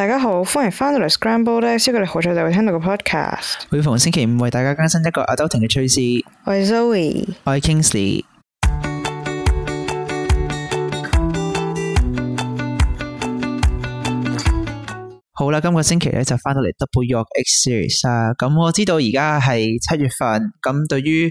大家好，歡迎翻到嚟 Scrambled 咧，小杰好彩就會聽到個 podcast，每逢星期五為大家更新一個 adulting 嘅趣事。我係 Zoe，我係 Kingsley。 好啦，今個星期咧就翻到嚟 Double Yolk Egg Series 啊！咁、嗯、我知道而家係七月份，咁、嗯、對於。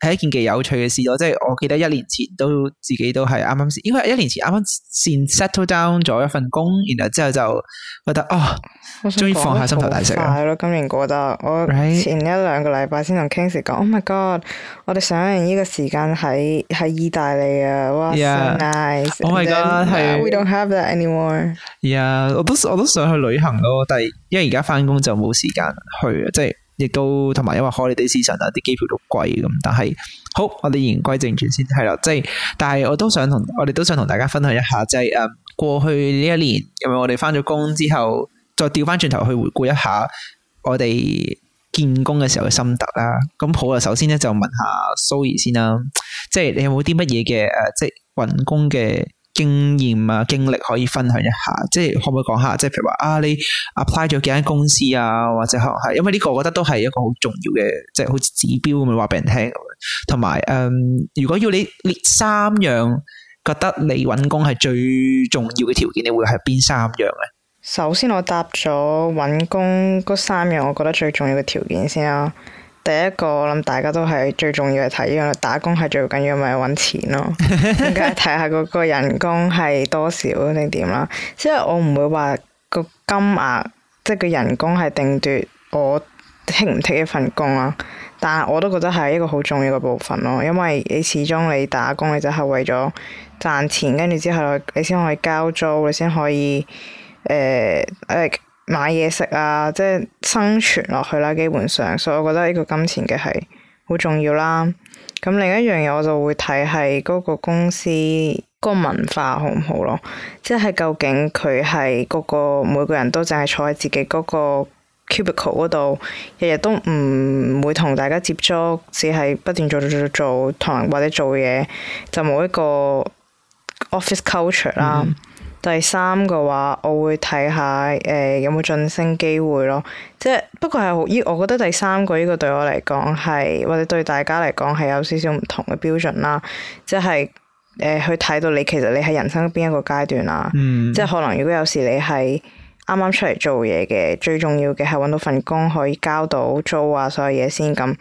係一件幾有趣嘅事咯，即係我記得一年前都自己都係啱啱先，因為一年前啱啱先 settle down 咗一份工，然後之後就覺得啊，哦、我終於放下心頭大石啦！咯，今年過得我前一兩個禮拜先同 Kingsley 講，Oh my God，我哋上完呢個時間喺喺意大利啊，哇 s, Yeah . so nice！Oh my God，係 and then, is We don't have that anymore。Yeah，我都我都想去旅行咯，但係因為而家返工就冇時間去啊，即係。亦都同埋，因為 h o l 市 d a 啊，啲機票都貴咁。但係好，我哋言歸正傳先，係啦，即係，但係我都想同我哋都想同大家分享一下，即係誒過去呢一年因樣，我哋翻咗工之後，再調翻轉頭去回顧一下我哋建工嘅時候嘅心得啦。咁好啊，首先咧就問下 s o r 怡先啦，即、就、係、是、你有冇啲乜嘢嘅誒，即係運工嘅。經驗啊，經歷可以分享一下，即係可唔可以講下？即係譬如話啊，你 apply 咗幾間公司啊，或者可能係，因為呢個我覺得都係一個好重要嘅，即係好似指標咁樣話俾人聽。同埋，嗯，如果要你列三樣覺得你揾工係最重要嘅條件，你會係邊三樣咧？首先，我答咗揾工嗰三樣，我覺得最重要嘅條件先啦，啊。第一個我諗大家都係最重要係睇呢樣，打工係最緊要咪揾，就是，錢咯，咁梗係睇下嗰個人工係多少定點啦。即係我唔會話個金額，即係個人工係定奪我剔唔剔一份工啊，但係我都覺得係一個好重要嘅部分咯，因為你始終你打工你就係，是，為咗賺錢，跟住之後你先可以交租，你先可以誒，即、呃呃買嘢食啊，即係生存落去啦，基本上，所以我覺得呢個金錢嘅係好重要啦。咁另一樣嘢，我就會睇係嗰個公司個文化好唔好咯。即係究竟佢係嗰個每個人都淨係坐喺自己嗰個 cubicle 嗰度，日日都唔會同大家接觸，只係不斷做做做做同或者做嘢，就冇一個 office culture 啦，嗯。第三個嘅話，我會睇下誒、呃、有冇晉升機會咯。即係不過係依，我覺得第三個呢個對我嚟講係，或者對大家嚟講係有少少唔同嘅標準啦。即係誒、呃、去睇到你其實你喺人生邊一個階段啦、啊。嗯、即係可能如果有時你係啱啱出嚟做嘢嘅，最重要嘅係揾到份工可以交到租啊，所有嘢先咁。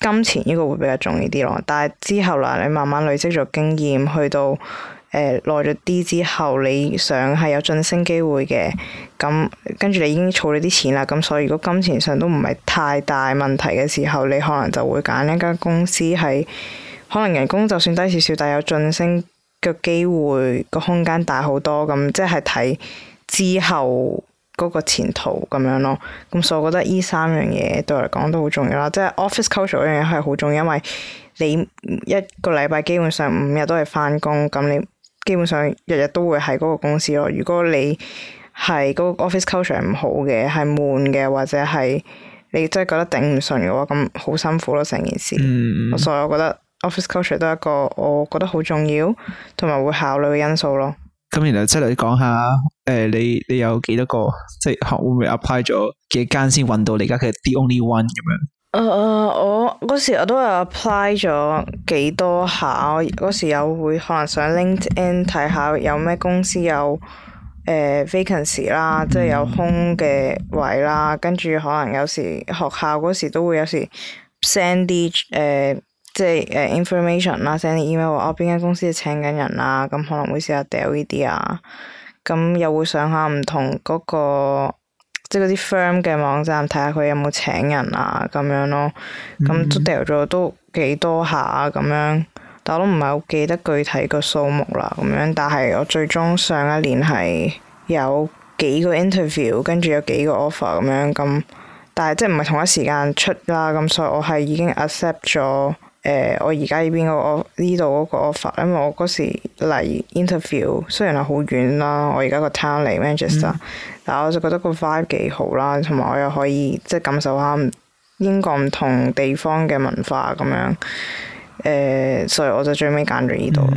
金錢呢個會比較重要啲咯。但係之後啦，你慢慢累積咗經驗，去到。誒耐咗啲之後，你想係有晉升機會嘅，咁跟住你已經儲咗啲錢啦，咁所以如果金錢上都唔係太大問題嘅時候，你可能就會揀一間公司係可能人工就算低少少，但係有晉升嘅機會個空間大好多，咁即係睇之後嗰個前途咁樣咯。咁所以我覺得呢三樣嘢對我嚟講都好重要啦，即係 office culture 嗰樣嘢係好重要，因為你一個禮拜基本上五日都係翻工，咁你。基本上日日都會喺嗰個公司咯。如果你係嗰個 office culture 唔好嘅，係悶嘅，或者係你真係覺得頂唔順嘅話，咁好辛苦咯成件事。嗯、所以我覺得 office culture 都係一個我覺得好重要同埋會考慮嘅因素咯。咁然、嗯嗯、來即係、就是、講下，誒、呃、你你有幾多個即係會唔會 apply 咗幾間先揾到你而家嘅 the only one 咁樣？誒誒，uh, 我嗰時我都係 apply 咗幾多下。我嗰時有會可能想 LinkedIn 睇下有咩公司有誒 vacancy 啦，呃、Vac ancy，即係有空嘅位啦。跟住可能有時學校嗰時都會有時 send 啲誒、呃，即係誒 information 啦，send 啲 email 話哦邊間公司請緊人啊，咁可能會試下掉呢啲啊。咁又會上下唔同嗰、那個。即係嗰啲 firm 嘅網站睇下佢有冇請人啊，咁樣咯，咁、嗯嗯、都掉咗都幾多下咁樣，但我都唔係好記得具體個數目啦咁樣。但係我最終上一年係有幾個 interview，跟住有幾個 offer 咁樣咁，但係即係唔係同一時間出啦咁，所以我係已經 accept 咗。誒、呃，我而家依邊個呢度嗰個 offer，因為我嗰時嚟 interview，雖然係好遠啦，我而家個 town 嚟 Manchester，嗯、但係我就覺得個 vibe 幾好啦，同埋我又可以即係感受下英國唔同地方嘅文化咁樣。誒、呃，所以我就最尾揀咗呢度咯。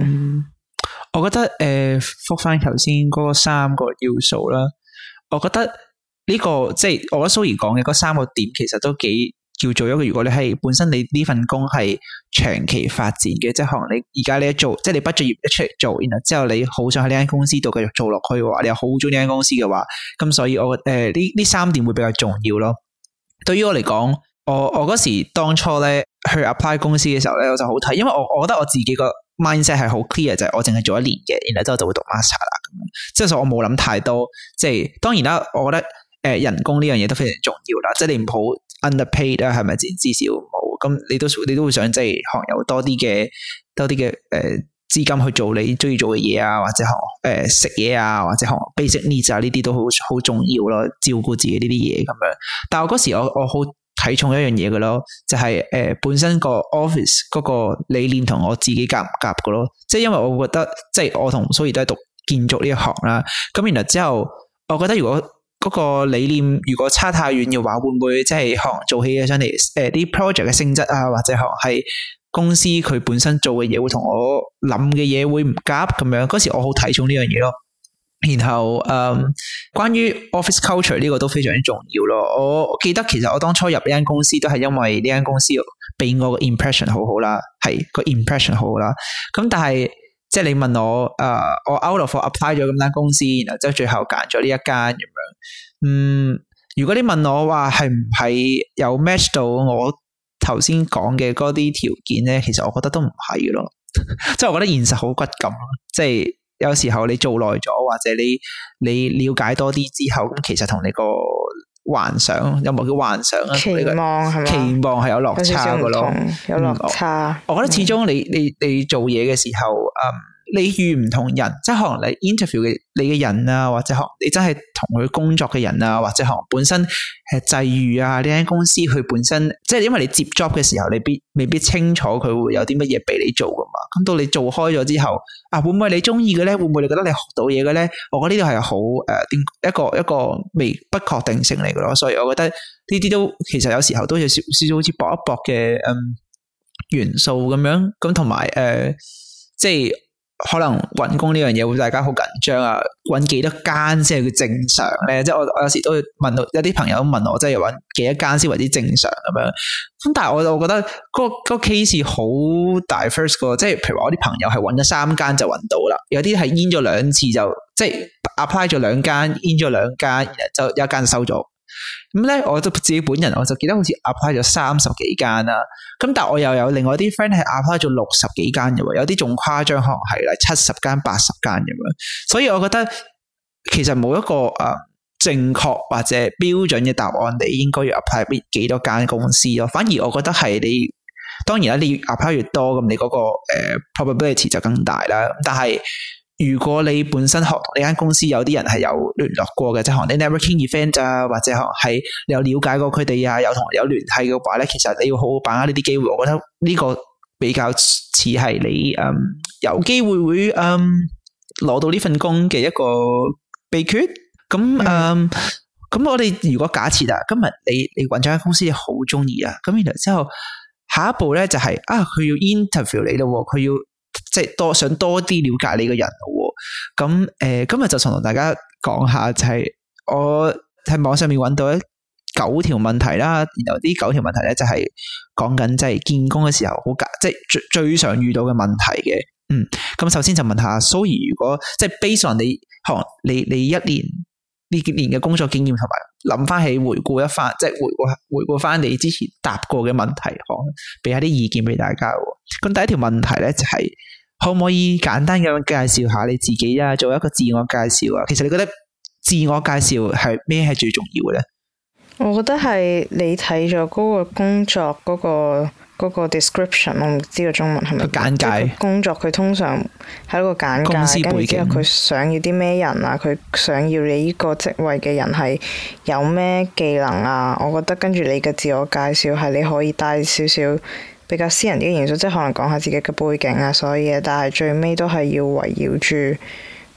我覺得誒，覆返頭先嗰三個要素啦。我覺得呢、這個即係我覺得 Zoe 講嘅嗰三個點，其實都幾～叫做一個如果你係本身你呢份工係長期發展嘅，即係可能你而家你一做，即係你畢咗業一出嚟做，然後之後你好想喺呢間公司度繼續做落去嘅話，你又好中意呢間公司嘅話，咁所以我誒呢呢三點會比較重要咯。對於我嚟講，我我嗰時當初咧去 apply 公司嘅時候咧，我就好睇，因為我我覺得我自己個 mindset 係好 clear 就係我淨係做一年嘅，然後之後就會讀 master 啦，咁樣，即係所以我冇諗太多。即係當然啦，我覺得誒、呃、人工呢樣嘢都非常重要啦，即係你唔好。underpaid 啊，係咪？至至少冇咁，你都你都會想即係學有多啲嘅多啲嘅誒資金去做你中意做嘅嘢啊，或者學誒、呃、食嘢啊，或者學 basic needs 啊，呢啲都好好重要咯，照顧自己呢啲嘢咁樣。但我嗰時我我好睇重一樣嘢嘅咯，就係、是、誒、呃、本身個 office 嗰個理念同我自己夾唔夾嘅咯，即係因為我覺得即係我同 Zoe 都係讀建築呢一行啦，咁然後之後我覺得如果。嗰個理念，如果差太遠嘅話會唔會即係學做起嘢上嚟？誒、呃、啲 project 嘅性質啊，或者學係公司佢本身做嘅嘢，會同我諗嘅嘢會唔夾咁樣？嗰時我好睇重呢樣嘢咯。然後誒、嗯，關於 office culture 呢個都非常之重要咯。我記得其實我當初入呢間公司都係因為呢間公司俾我個 impression 好好啦，係個 impression 好好啦。咁但係。即係你問我，誒、uh，我 out of apply 咗咁間公司，然後即係最後揀咗呢一間咁樣。嗯，如果你問我話係唔係有 match 到我頭先講嘅嗰啲條件咧？其實我覺得都唔係咯。即 係我覺得現實好骨感咯。即、就、係、是、有時候你做耐咗，或者你你了解多啲之後，咁其實同你個。幻想有冇叫幻想啊？期望係咪啊？期望係有落差噶咯，嗯、有落差。嗯、我覺得始終你、嗯、你你做嘢嘅時候，嗯。你遇唔同人，即係可能你 interview 嘅你嘅人啊，或者學你真係同佢工作嘅人啊，或者學本身係際遇啊，啲公司佢本身，即係因為你接 job 嘅時候，你必未必清楚佢會有啲乜嘢俾你做噶嘛。咁到你做開咗之後，啊會唔會你中意嘅咧？會唔會你覺得你學到嘢嘅咧？我覺得呢度係好誒，一個一個，一個未不確定性嚟嘅咯。所以我覺得呢啲都其實有時候都要少少，少好似搏一搏嘅嗯元素咁樣，咁同埋誒即係。可能揾工呢樣嘢會大家好緊張啊，揾幾多間先係正常咧？即係我我有時都會問到有啲朋友問我，即係揾幾多間先為之正常咁樣？咁但係我就我覺得嗰個嗰個 case 好 diverse 個，即係譬如話我啲朋友係揾咗三間就揾到啦，有啲係 in 咗兩次就即係 apply 咗兩間 in 咗兩間，然後就一間收咗。咁咧，我就自己本人，我就記得好似 apply 咗三十幾間、啊、啦。咁但係我又有另外啲 friend 係 apply 咗六十幾間嘅，有啲仲誇張可能係啦，七十間、八十間咁樣。所以我覺得其實冇一個誒、啊、正確或者標準嘅答案，你應該要 apply 幾多間公司咯、啊。反而我覺得係你，當然啦，你 apply 越多，咁你嗰、那個誒、uh, probability 就更大啦。但係。如果你本身學同呢間公司有啲人係有聯絡過嘅，即係學你 networking event 啊，或者學你有了解過佢哋啊，有同你有聯繫嘅話咧，其實你要好好把握呢啲機會，我覺得呢個比較似係你嗯有機會會嗯攞到呢份工嘅一個秘訣。咁嗯咁、嗯、我哋如果假設啊，今日你你揾咗間公司好中意啊，咁然之後下一步咧就係、是、啊佢要 interview 你咯，佢要。即係多想多啲了解你個人喎，咁誒、呃，今日就同大家講下、就是，就係我喺網上面揾到咧九條問題啦，然後呢九條問題咧就係、是、講緊即係見工嘅時候好緊，即係最最常遇到嘅問題嘅。嗯，咁首先就問下 Zoe，如果即係 based on 你行，你你一年呢幾年嘅工作經驗，同埋諗翻起回顧一番，即係回顧回顧翻你之前答過嘅問題，可俾下啲意見俾大家。咁第一條問題咧就係、是。可唔可以簡單咁樣介紹下你自己啊？做一個自我介紹啊，其實你覺得自我介紹係咩係最重要嘅咧？我覺得係你睇咗嗰個工作嗰個嗰個 description，我唔知道個中文係咪簡介工作？佢通常係一個簡介，跟住佢想要啲咩人啊？佢想要你呢個職位嘅人係有咩技能啊？我覺得跟住你嘅自我介紹係你可以帶少少。比較私人啲嘅元素，即係可能講下自己嘅背景啊，所以啊，但係最尾都係要圍繞住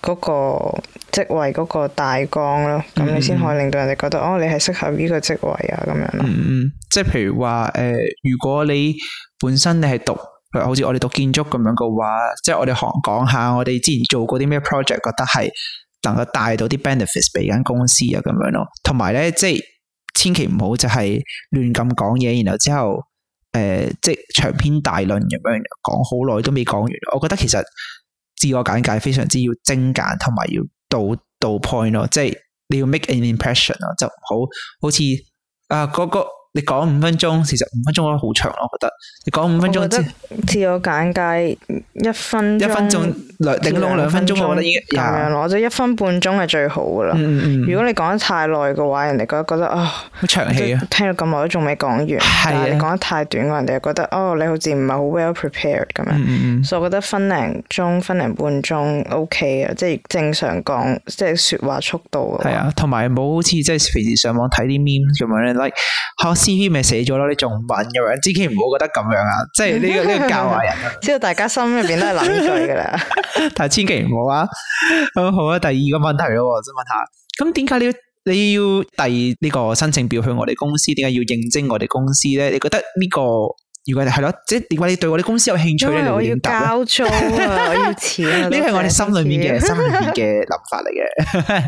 嗰個職位嗰個大綱咯，咁你先可以令到人哋覺得，嗯、哦，你係適合呢個職位啊，咁樣咯。嗯，即係譬如話誒、呃，如果你本身你係讀，好似我哋讀建築咁樣嘅話，即係我哋講講下我哋之前做過啲咩 project，覺得係能夠帶到啲 benefits 俾間公司啊，咁樣咯。同埋咧，即係千祈唔好就係亂咁講嘢，然後之後。誒、呃，即係長篇大論咁樣講，好耐都未講完。我覺得其實自我簡介非常之要精簡，同埋要到到 point 咯，即係你要 make an impression 咯，就唔好好似啊嗰個。個你講五分鐘，其實五分鐘覺得好長咯，我覺得。你講五分鐘我覺得自我簡介一分一分鐘兩頂多兩分鐘，一分鐘我覺得咁樣咯，或者一分半鐘係最好噶啦。嗯嗯。如果你講得太耐嘅話，人哋覺得覺得啊好，哦，長氣啊。聽咗咁耐都仲未講完，啊，但你講得太短嘅話，人哋又覺得哦，你好似唔係好 well prepared 咁樣。嗯嗯嗯。所以我覺得分零鐘、分零半鐘 OK 啊，即係正常講，即係説話速度話啊。係啊，同埋唔好好似即係平時上網睇啲 meme 咁樣咧，like。千祈咪寫咗咯，你仲問咁樣？千祈唔好覺得咁樣啊！即係呢個呢個教壞人， 知道大家心入面都係諗呢句噶啦。但係千祈唔好啊！好，好啊！第二個問題咯，我想問下，咁點解你要你要遞呢個申請表去我哋公司？點解要認證我哋公司咧？你覺得呢、這個如果,如果你係咯，即係點解你對我哋公司有興趣咧？我要交租啊， 我要錢。呢係 我哋心裏面嘅 心裏面嘅諗法嚟嘅。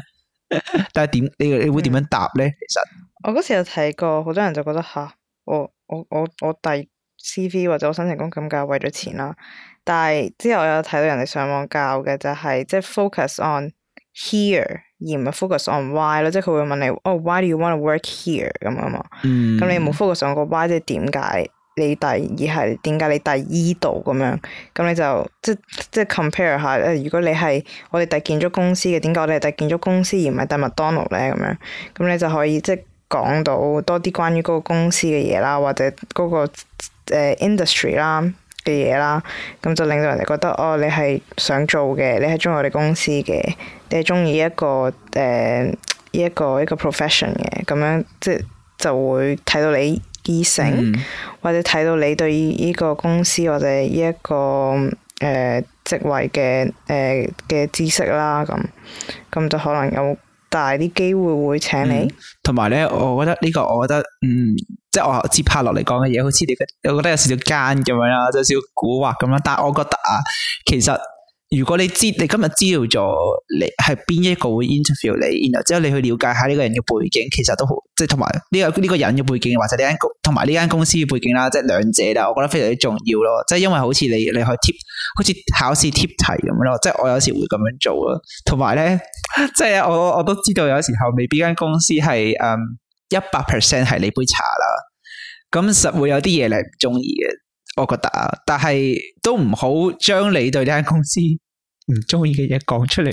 但係點你你會點樣答咧？嗯、其實？我嗰時有睇過，好多人就覺得吓，我我我我第 CV 或者我申請工咁梗係，為咗錢啦、啊。但係之後我有睇到人哋上網教嘅就係、是，即、就、係、是、focus on here 而唔係 focus on why 咯，即係佢會問你，哦、oh，why do you want to work here 咁樣嘛。嗯。咁、mm hmm. 你冇 focus on 個 why 即係點解你第而係點解你第依度咁樣，咁你就即係即係 compare 下，誒，如果你係我哋第建築公司嘅，點解我哋第建築公司而唔係第麥當勞咧咁樣，咁你就可以即係。講到多啲關於嗰個公司嘅嘢啦，或者嗰、那個誒、uh, industry 啦嘅嘢啦，咁就令到人哋覺得哦，你係想做嘅，你係中意我哋公司嘅，你係中意一個誒呢、uh, 一個呢個 profession 嘅，咁樣即係就會睇到你熱誠、mm hmm.，或者睇到你對於呢個公司或者呢一個誒職位嘅誒嘅知識啦，咁咁就可能有。大啲機會會請你，同埋咧，我覺得呢、呢個，我覺得，嗯，即係我接拍落嚟講嘅嘢，好似你我覺得有少少奸咁樣啊，有少少蠱惑咁啦。但係我覺得啊，其實。如果你知你今日知道咗你係邊一個會 interview 你，然後之後你去了解下呢個人嘅背景，其實都好，即係同埋呢個呢個人嘅背景，或者呢間同埋呢間公司嘅背景啦，即係兩者啦，我覺得非常之重要咯。即係因為好似你你可以 tip，好似考試貼題咁樣咯。即係我有時會咁樣做啊。同埋咧，即係我我都知道，有時候未必間公司係嗯一百 percent 係你杯茶啦，咁實會有啲嘢你唔中意嘅。我覺得啊，但係都唔好將你對呢間公司唔中意嘅嘢講出嚟，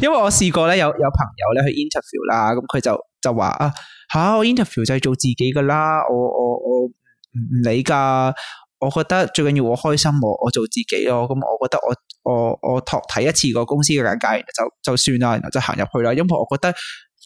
因為我試過咧，有有朋友咧去 interview 啦，咁佢就就話啊，吓我 interview 就係做自己噶啦，我我我唔理噶，我覺得最緊要我開心，我我做自己咯，咁、嗯、我覺得我我我托睇一次個公司嘅眼界，就就算啦，然後就行入去啦，因為我覺得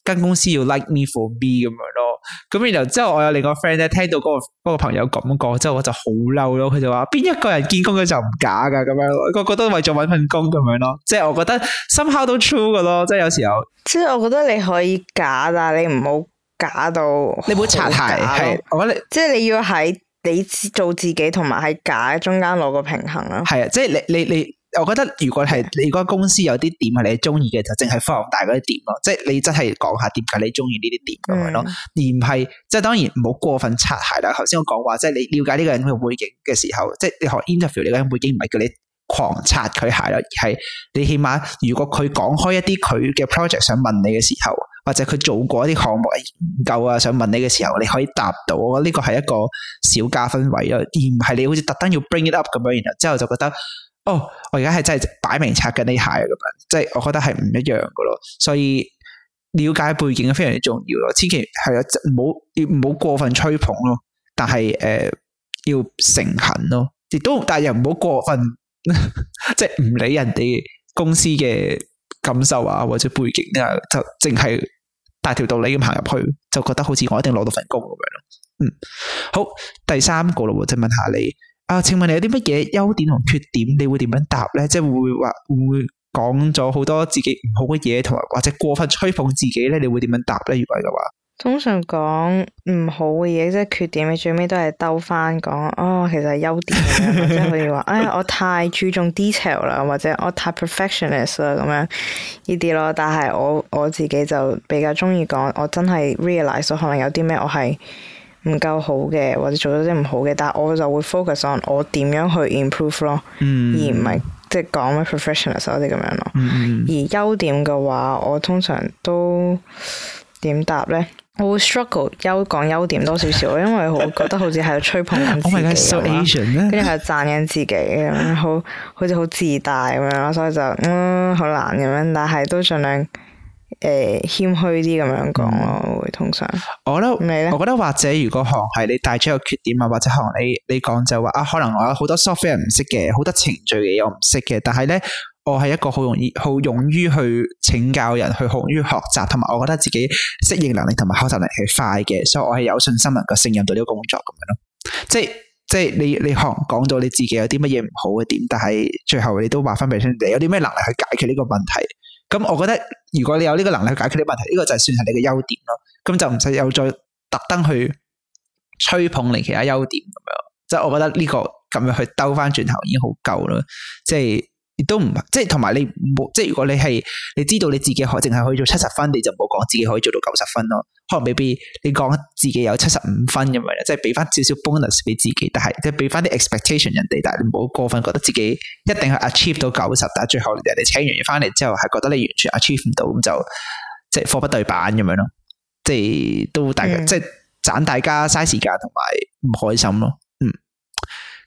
間公司要 like me for me 咁樣咯。咁然後之後我有另一個 friend 咧，聽到嗰個嗰個朋友咁講，之後我就好嬲咯。佢就話邊一個人見工嘅就唔假噶，咁樣咯，個個都為咗揾份工咁樣咯。即係我覺得 somehow 都 true 噶咯，即係有時候。即係我覺得你可以假，但係你唔好假到假，你唔好擦鞋咯。我覺得你即係你要喺你做自己同埋喺假中間攞個平衡啦。係啊，即係你你你。你你你我覺得如果係你嗰間公司有啲點係你中意嘅，就淨係放大嗰啲點咯。即係你真係講下點解你中意呢啲點咁樣咯。嗯、而唔係即係當然唔好過分擦鞋啦。頭先我講話即係你了解呢個人嘅背景嘅時候，即係你學 interview 呢個人背景，唔係叫你狂擦佢鞋咯，而係你起碼如果佢講開一啲佢嘅 project 想問你嘅時候，或者佢做過一啲項目研究啊，想問你嘅時候，你可以答到。呢個係一個小加分位咯，而唔係你好似特登要 bring it up 咁樣。然之後就覺得。哦，oh, 我而家係真係擺明拆緊呢鞋咁樣，即係我覺得係唔一樣噶咯，所以了解背景非常之重要咯，千祈係啦，唔好要唔好過分吹捧咯，但係誒、呃、要誠懇咯，亦都但係又唔好過分， 即係唔理人哋公司嘅感受啊或者背景啊，就淨係大條道理咁行入去，就覺得好似我一定攞到份工咁樣咯。嗯，好，第三個咯，我再問下你。啊，請問你有啲乜嘢優點同缺點？你會點樣答呢？即係會會話會講咗好多自己唔好嘅嘢，同埋或者過分吹捧自己呢？你會點樣答呢？如果嘅話，通常講唔好嘅嘢，即係缺點，你最尾都係兜翻講哦。其實優點咁樣，即係可以話， 哎呀，我太注重 detail 啦，或者我太 perfectionist 啦，咁樣呢啲咯。但係我我自己就比較中意講，我真係 realize 可能有啲咩，我係。唔夠好嘅，或者做咗啲唔好嘅，但係我就會 focus on 我點樣去 improve 咯，mm hmm. 而唔係即係講咩 professional 啲咁樣咯。Mm hmm. 而優點嘅話，我通常都點答呢？我會 struggle 優講優點多少少， 因為我覺得好似喺度吹捧自己，跟住喺度讚緊自己咁樣，好好似好自大咁樣啦，所以就嗯好難咁樣，但係都盡量。誒，謙虛啲咁樣講咯，嗯、會通常。我咧，我覺得或者如果行係你帶出個缺點啊，或者行你你講就話啊，可能我有好多 software 唔識嘅，好多程序嘅嘢我唔識嘅。但係咧，我係一個好容易，好勇於去請教人，去好勇於學習，同埋我覺得自己適應能力同埋學習能力係快嘅，所以我係有信心能夠勝任到呢個工作咁樣咯。即係即係你你行講到你自己有啲乜嘢唔好嘅點，但係最後你都話翻俾佢聽，你有啲咩能力去解決呢個問題？咁我覺得如果你有呢個能力去解決呢個問題，呢個就算係你嘅優點咯。咁就唔使又再特登去吹捧你其他優點咁樣。即係我覺得呢個咁樣去兜翻轉頭已經好夠啦。即係。亦都唔即係，同埋你冇即係，如果你係你知道你自己可淨係可以做七十分，你就唔好講自己可以做到九十分咯。可能未必你講自己有七十五分咁樣，即係俾翻少少 bonus 俾自己，但係即係俾翻啲 expectation 人哋，但係你唔好過分覺得自己一定係 achieve 到九十，但係最後人哋請完翻嚟之後，係覺得你完全 achieve 唔到、到，咁就即係貨不對版咁樣咯。即係都大家、嗯、即係盞大家嘥時間同埋唔開心咯。嗯，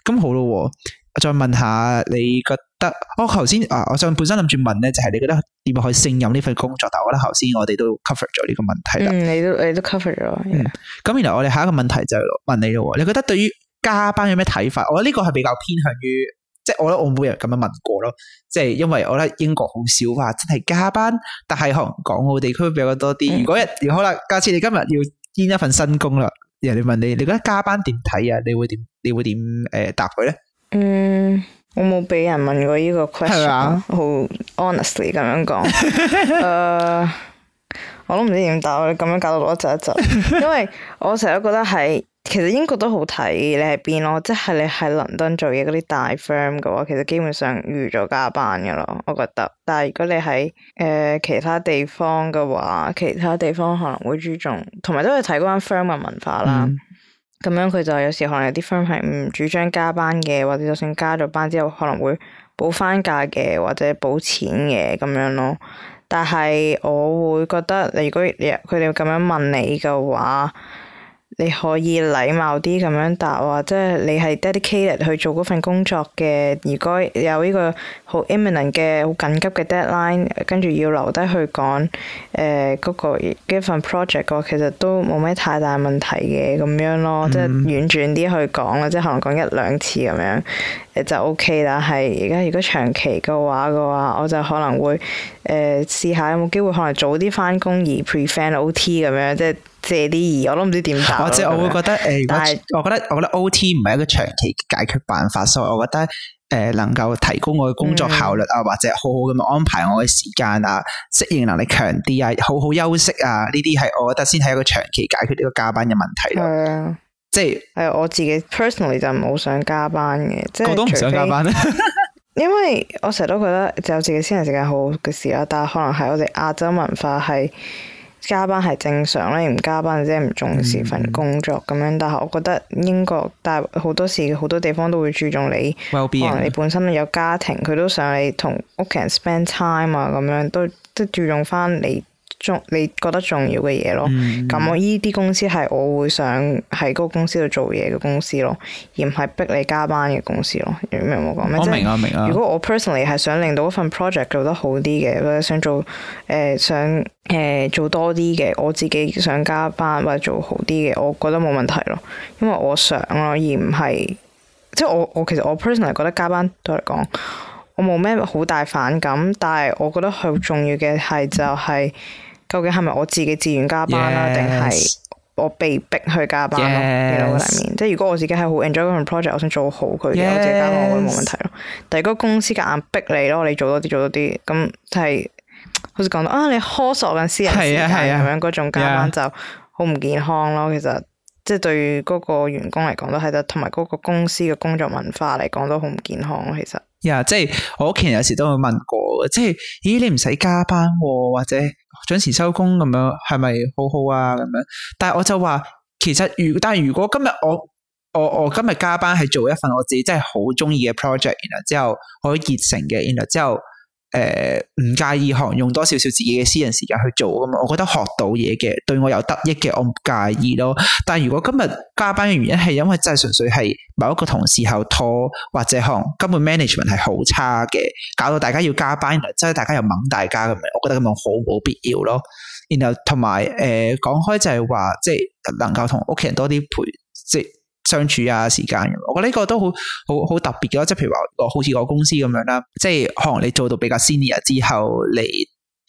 咁好咯、啊。再問下，你覺得我頭先啊，我想本身諗住問咧，就係、是、你覺得點樣可以勝任呢份工作？但係我覺得頭先我哋都 cover 咗呢個問題啦、嗯。你都你都 cover 咗。咁，原來我哋下一個問題就問你咯。你覺得對於加班有咩睇法？我覺得呢個係比較偏向於，即、就、係、是、我覺得澳冇人咁樣問過咯。即、就、係、是、因為我覺得英國好少話真係加班，但係可能港澳地區比較多啲、嗯。如果一，好啦，假設你今日要見一份新工啦，人哋問你，你覺得加班點睇啊？你會點？你會點？誒，答佢咧？嗯，我冇畀人問過呢個 question，好的 honestly 咁樣講，誒 uh,，我都唔知點答，我哋咁樣搞到我一窒一窒， 因為我成日都覺得係，其實英國都好睇你喺邊咯，即係你喺倫敦做嘢嗰啲大 firm 嘅話，其實基本上預咗加班嘅咯，我覺得。但係如果你喺誒、呃、其他地方嘅話，其他地方可能會注重，同埋都係睇嗰間 firm 嘅文化啦。嗯咁樣佢就有時可能有啲分 i 係唔主張加班嘅，或者就算加咗班之後可能會補翻假嘅，或者補錢嘅咁樣咯。但係我會覺得，如果你佢哋咁樣問你嘅話。你可以禮貌啲咁樣答啊，即係你係 dedicated 去做嗰份工作嘅。如果有呢個好 imminent 嘅好緊急嘅 deadline，跟住要留低去講誒嗰個呢份 project 嘅話，其實都冇咩太大問題嘅咁樣咯。即係婉轉啲去講啦，即係可能講一兩次咁樣，就 OK。但係而家如果長期嘅話嘅話，我就可能會誒、呃，試下有冇機會可能早啲返工而 prevent OT 咁樣，即係。借啲，我都唔知點答。或者我會覺得，誒、呃，如果是我覺得，我覺得 OT 唔係一個長期解決辦法，所以我覺得，誒、呃，能夠提供我嘅工作效率啊，嗯、或者好好咁樣安排我嘅時間啊，適、嗯、應能力強啲啊，好好休息啊，呢啲係我覺得先係一個長期解決呢個加班嘅問題咯。係啊，即係、就是，誒，我自己 personally 就唔好想加班嘅，即係都唔想加班。 因為我成日都覺得有自己私人時間好嘅事啦，但係可能係我哋亞洲文化係。加班係正常，你唔加班即係唔重視份工作咁樣。嗯、但係我覺得英國大好多時好多地方都會注重你，Well being. 可能你本身有家庭，佢都想你同屋企人 spend time 啊咁樣，都即係注重翻你，重你覺得重要嘅嘢咯，咁、嗯、我依啲公司係我會想喺嗰個公司度做嘢嘅公司咯，而唔係逼你加班嘅公司咯。明唔明我講咩？是明，如果我 personally 係想令到份 project 做得好啲嘅，或者想做誒、呃、想誒、呃、做多啲嘅，我自己想加班或者做好啲嘅，我覺得冇問題咯，因為我想咯，而唔係即係我我其實我 personally 覺得加班對嚟講我冇咩好大反感，但係我覺得佢好重要嘅係就係、嗯。究竟係咪我自己自願加班啦，定係 Yes. 我被逼去加班咯？原來裏面，即係如果我自己係好 enjoy 嗰份 project，我想做好佢嘅，Yes. 我做加班，我覺得冇問題咯。但係嗰個公司夾硬逼你咯，你做多啲，做多啲，咁就係、是、好似講到啊，你苛索緊私人時間咁樣，嗰種加班、啊、就好唔健康咯，其實。即係對嗰個員工嚟講都係得，同埋嗰個公司嘅工作文化嚟講都好唔健康。其實，yeah，呀，即係我屋企人有時都會問過，即係咦，你唔使加班哦，或者準時收工咁樣，係咪好好啊？咁樣，但係我就話，其實如但係如果今日我我我今日加班係做一份我自己真係好中意嘅 project，然後之後好熱誠嘅，然後之後。誒，唔、呃、介意學用多少少自己嘅私人時間去做㗎嘛，我覺得學到嘢嘅，對我有得益嘅，我唔介意咯。但係如果今日加班嘅原因係因為真係純粹係某一個同事後拖或者可能根本 management 係好差嘅，搞到大家要加班，即係大家又掹大家咁樣，我覺得咁樣好冇必要咯。然後同埋誒，講開就係話，即係能夠同屋企人多啲陪，即係。相處啊，時間，我覺得呢個都好好好特別嘅，即係譬如話，我好似我公司咁樣啦，即係可能你做到比較 senior 之後，你